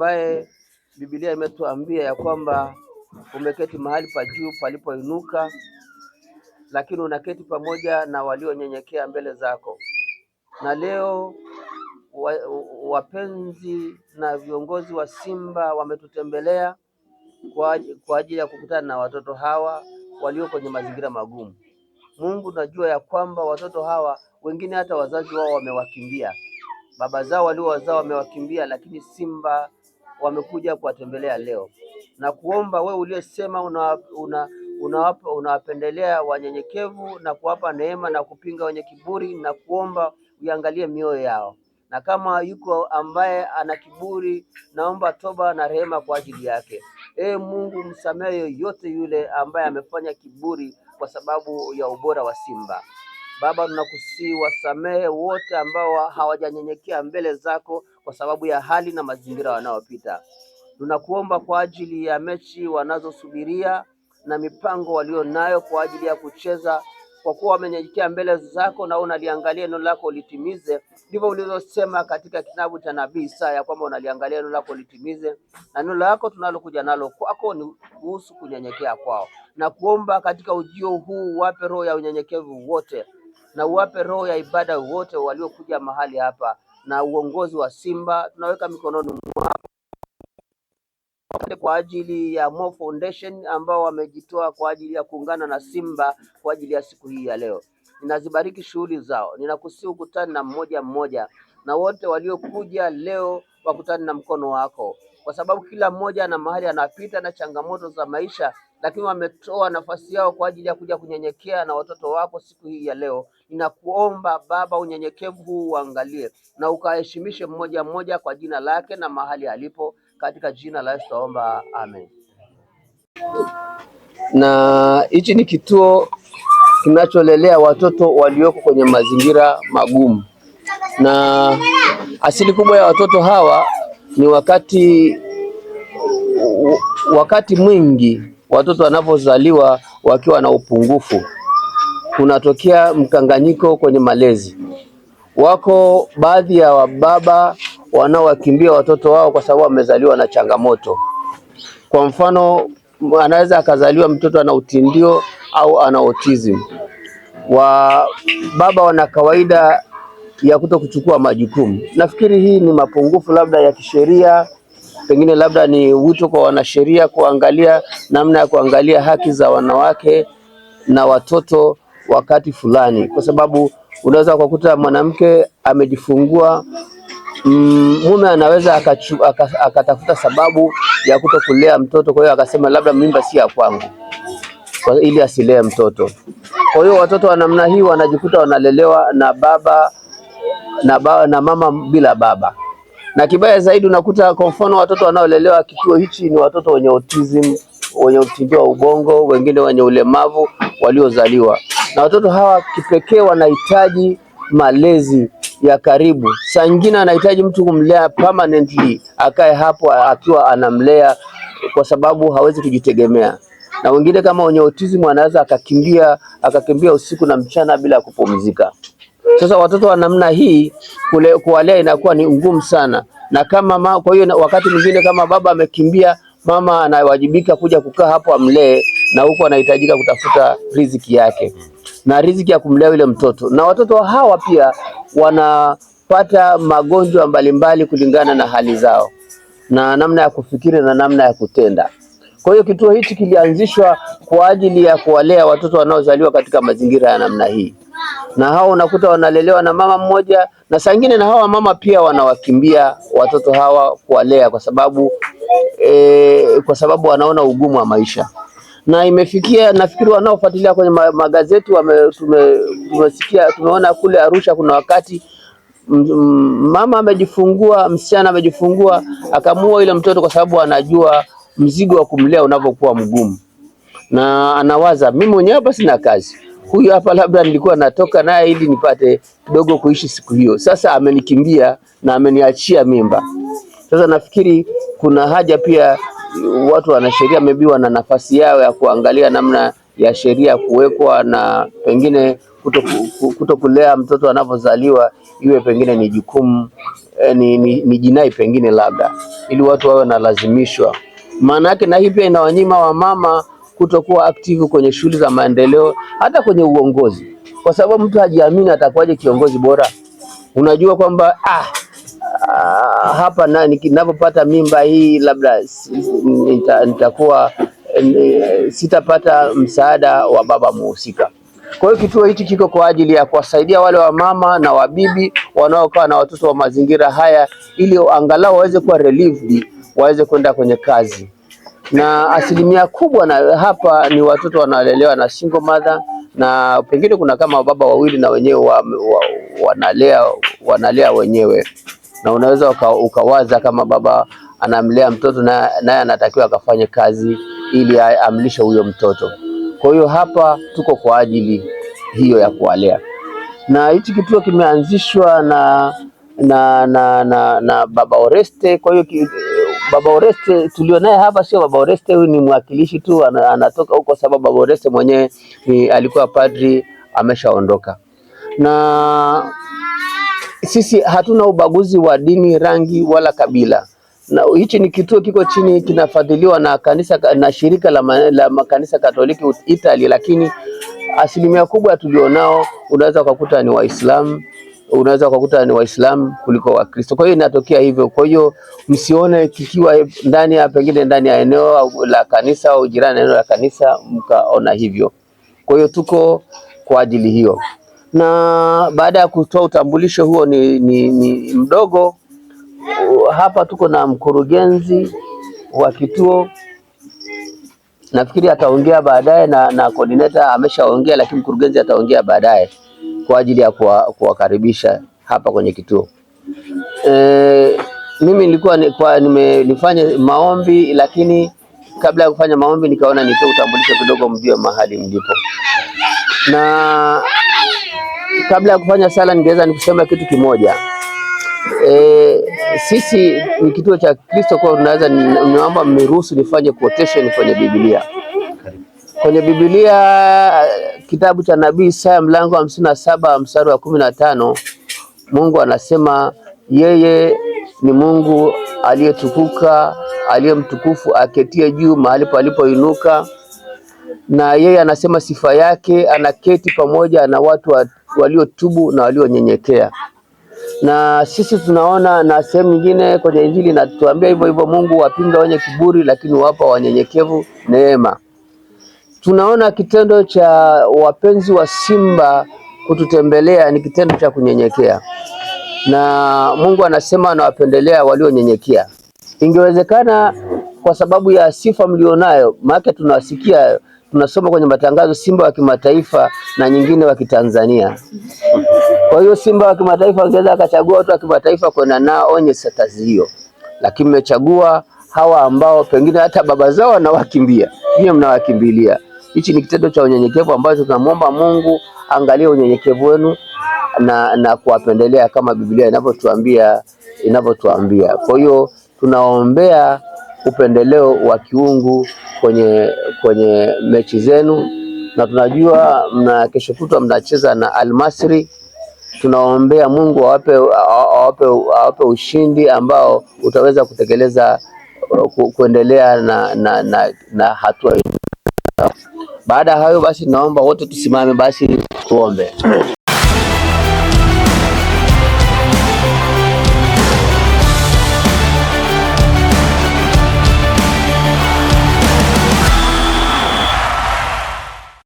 ambaye Biblia imetuambia ya kwamba umeketi mahali pa juu palipoinuka, lakini unaketi pamoja na walionyenyekea mbele zako. Na leo wa, wapenzi na viongozi wa Simba wametutembelea kwa, kwa ajili ya kukutana na watoto hawa walio kwenye mazingira magumu. Mungu, najua ya kwamba watoto hawa wengine hata wazazi wao wamewakimbia, baba zao waliowazaa wamewakimbia, lakini Simba wamekuja kuwatembelea leo na kuomba wewe uliyesema unawapendelea una, una, una wanyenyekevu na kuwapa neema na kupinga wenye kiburi, na kuomba uiangalie mioyo yao, na kama yuko ambaye ana kiburi, naomba toba na rehema kwa ajili yake. Ee Mungu, msamehe yoyote yule ambaye amefanya kiburi kwa sababu ya ubora wa Simba. Baba, tunakusihi wasamehe wote ambao hawajanyenyekea mbele zako kwa sababu ya hali na mazingira wanaopita. Tunakuomba kwa ajili ya mechi wanazosubiria na mipango walionayo kwa ajili ya kucheza, kwa kuwa wamenyenyekea mbele zako na unaliangalia neno lako litimize Ndivyo ulivyosema katika kitabu cha nabii Isaya kwamba unaliangalia neno lako litimize, na neno lako tunalokuja nalo kwako ni kuhusu kunyenyekea kwao, na kuomba katika ujio huu wape roho ya unyenyekevu wote na uwape roho ya ibada wote waliokuja mahali hapa, na uongozi wa Simba tunaweka mikononi mwako kwa ajili ya Mo Foundation ambao wamejitoa kwa ajili ya kuungana na Simba kwa ajili ya siku hii ya leo. Ninazibariki shughuli zao, ninakusii ukutani na mmoja mmoja, na wote waliokuja leo wakutane na mkono wako, kwa sababu kila mmoja ana mahali anapita na changamoto za maisha lakini wametoa nafasi yao kwa ajili ya kuja kunyenyekea na watoto wako siku hii ya leo. Ninakuomba Baba, unyenyekevu huu uangalie na ukaheshimishe mmoja mmoja kwa jina lake na mahali alipo, katika jina la Yesu tuomba, amen. Na hichi ni kituo kinacholelea watoto walioko kwenye mazingira magumu, na asili kubwa ya watoto hawa ni wakati wakati mwingi watoto wanapozaliwa wakiwa na upungufu, kunatokea mkanganyiko kwenye malezi. Wako baadhi ya wababa wanaowakimbia watoto wao kwa sababu wamezaliwa na changamoto. Kwa mfano, anaweza akazaliwa mtoto ana utindio au ana autism. Wa baba wana kawaida ya kuto kuchukua majukumu. Nafikiri hii ni mapungufu labda ya kisheria pengine labda ni wito kwa wanasheria kuangalia namna ya kuangalia haki za wanawake na watoto wakati fulani, kwa sababu unaweza kukuta mwanamke amejifungua, mm, mume anaweza akachu, akatafuta sababu ya kutokulea mtoto, kwa hiyo akasema labda mimba si ya kwangu kwa ili asilee mtoto. Kwa hiyo watoto wa namna hii wanajikuta wanalelewa na baba na, ba, na mama bila baba na kibaya zaidi unakuta kwa mfano watoto wanaolelewa kituo hichi ni watoto wenye autism, wenye utindio wa ubongo, wengine wenye ulemavu waliozaliwa, na watoto hawa kipekee wanahitaji malezi ya karibu. Saa nyingine anahitaji mtu kumlea permanently, akae hapo akiwa anamlea, kwa sababu hawezi kujitegemea. Na wengine kama wenye autism anaweza akakimbia akakimbia usiku na mchana bila kupumzika. Sasa watoto wa namna hii kule kuwalea inakuwa ni ngumu sana, na kama ma, kwa hiyo wakati mwingine kama baba amekimbia, mama anawajibika kuja kukaa hapo amlee, na huko anahitajika kutafuta riziki yake na riziki ya kumlea yule mtoto. Na watoto hawa pia wanapata magonjwa mbalimbali kulingana na hali zao na namna ya kufikiri na namna ya kutenda. Kwa hiyo kituo hichi kilianzishwa kwa ajili ya kuwalea watoto wanaozaliwa katika mazingira ya namna hii na hao unakuta wanalelewa na mama mmoja, na saa na hawa mama pia wanawakimbia watoto hawa kuwalea kwa sababu e, kwa sababu wanaona ugumu wa maisha na imefikia nafikiri wanaofuatilia kwenye magazeti wame, tume, tumesikia tumeona kule Arusha kuna wakati mama amejifungua, msichana amejifungua, akamua ile mtoto kwa sababu anajua mzigo wa kumlea unavyokuwa mgumu, na anawaza mimi mwenyewe hapa sina kazi huyu hapa labda nilikuwa natoka naye ili nipate kidogo kuishi siku hiyo, sasa amenikimbia na ameniachia mimba. Sasa nafikiri kuna haja pia watu wanasheria maybe wana nafasi yao ya kuangalia namna ya sheria kuwekwa na pengine kuto kulea mtoto anapozaliwa iwe pengine ni jukumu eh, ni, ni, ni jinai pengine labda, ili watu wawe nalazimishwa Maana yake na hii pia inawanyima wamama kutokuwa aktivu kwenye shughuli za maendeleo, hata kwenye uongozi, kwa sababu mtu hajiamini, atakuwaje kiongozi bora? Unajua kwamba ah, ah, hapa na ninapopata mimba hii labda nitakuwa eh, sitapata msaada wa baba muhusika. Kwa hiyo kituo hiki kiko kwa ajili ya kuwasaidia wale wamama na wabibi wanaokaa na watoto wa mazingira haya, ili angalau waweze kuwa relieved, waweze kwenda kwenye kazi na asilimia kubwa na hapa ni watoto wanalelewa na single mother, na pengine kuna kama baba wawili na wenyewe wa, wa, wanalea, wanalea wenyewe, na unaweza uka, ukawaza kama baba anamlea mtoto naye na anatakiwa akafanye kazi ili amlishe huyo mtoto. Kwa hiyo hapa tuko kwa ajili hiyo ya kuwalea, na hichi kituo kimeanzishwa na na, na, na, na baba Oreste. Kwa hiyo Baba Oreste tulionaye hapa sio Baba Oreste, huyu ni mwakilishi tu, anatoka huko sababu Baba Oreste mwenyewe alikuwa padri, ameshaondoka. Na sisi hatuna ubaguzi wa dini, rangi wala kabila. Na hichi ni kituo kiko chini, kinafadhiliwa na kanisa na shirika la, ma, la makanisa Katoliki Italy, lakini asilimia kubwa tulionao unaweza ukakuta ni Waislamu unaweza kukuta ni Waislamu kuliko Wakristo. Kwa hiyo inatokea hivyo. Kwa hiyo msione kikiwa ndani ya pengine ndani ya eneo la kanisa au jirani eneo la kanisa mkaona hivyo. Kwa hiyo tuko kwa ajili hiyo, na baada ya kutoa utambulisho huo ni, ni, ni mdogo hapa, tuko na mkurugenzi wa kituo nafikiri ataongea baadaye na, na coordinator ameshaongea, lakini mkurugenzi ataongea baadaye kwa ajili ya kuwakaribisha hapa kwenye kituo. E, mimi nilikuwa kwa nimefanya maombi lakini kabla ya kufanya maombi nikaona nitoe utambulisho kidogo, mjue mahali mlipo, na kabla ya kufanya sala ningeweza nikusema kitu kimoja. E, sisi ni kituo cha Kristo, kwa tunaweza niomba mniruhusu nifanye quotation kwenye Biblia. Kwenye Biblia kitabu cha nabii Isaya mlango wa hamsini na saba mstari wa kumi na tano Mungu anasema yeye ni Mungu aliyetukuka aliye mtukufu aketie juu mahali palipoinuka, na yeye anasema sifa yake anaketi pamoja na watu waliotubu na walionyenyekea. Na sisi tunaona na sehemu nyingine kwenye Injili inatuambia hivyo hivyo, Mungu wapinga wenye kiburi, lakini wapa wanyenyekevu neema tunaona kitendo cha wapenzi wa Simba kututembelea ni kitendo cha kunyenyekea, na Mungu anasema anawapendelea walionyenyekea. Ingewezekana kwa sababu ya sifa mlionayo, maana tunawasikia tunasoma kwenye matangazo Simba wa kimataifa na nyingine wa Kitanzania. Kwa hiyo Simba wa kimataifa angeweza akachagua watu wa kimataifa kwenda nao onye satazi hiyo, lakini mmechagua hawa ambao pengine hata baba zao wanawakimbia, nyie mnawakimbilia. Hichi ni kitendo cha unyenyekevu ambacho tunamwomba Mungu angalie unyenyekevu wenu na, na kuwapendelea kama Biblia inavyotuambia inavyotuambia. Kwa hiyo tunaombea upendeleo wa kiungu kwenye kwenye mechi zenu, na tunajua mna kesho kutwa mnacheza na Almasri. Tunaombea Mungu awape, awape, awape ushindi ambao utaweza kutekeleza ku, kuendelea na, na, na, na hatua baada ya hayo basi, naomba wote tusimame basi tuombe.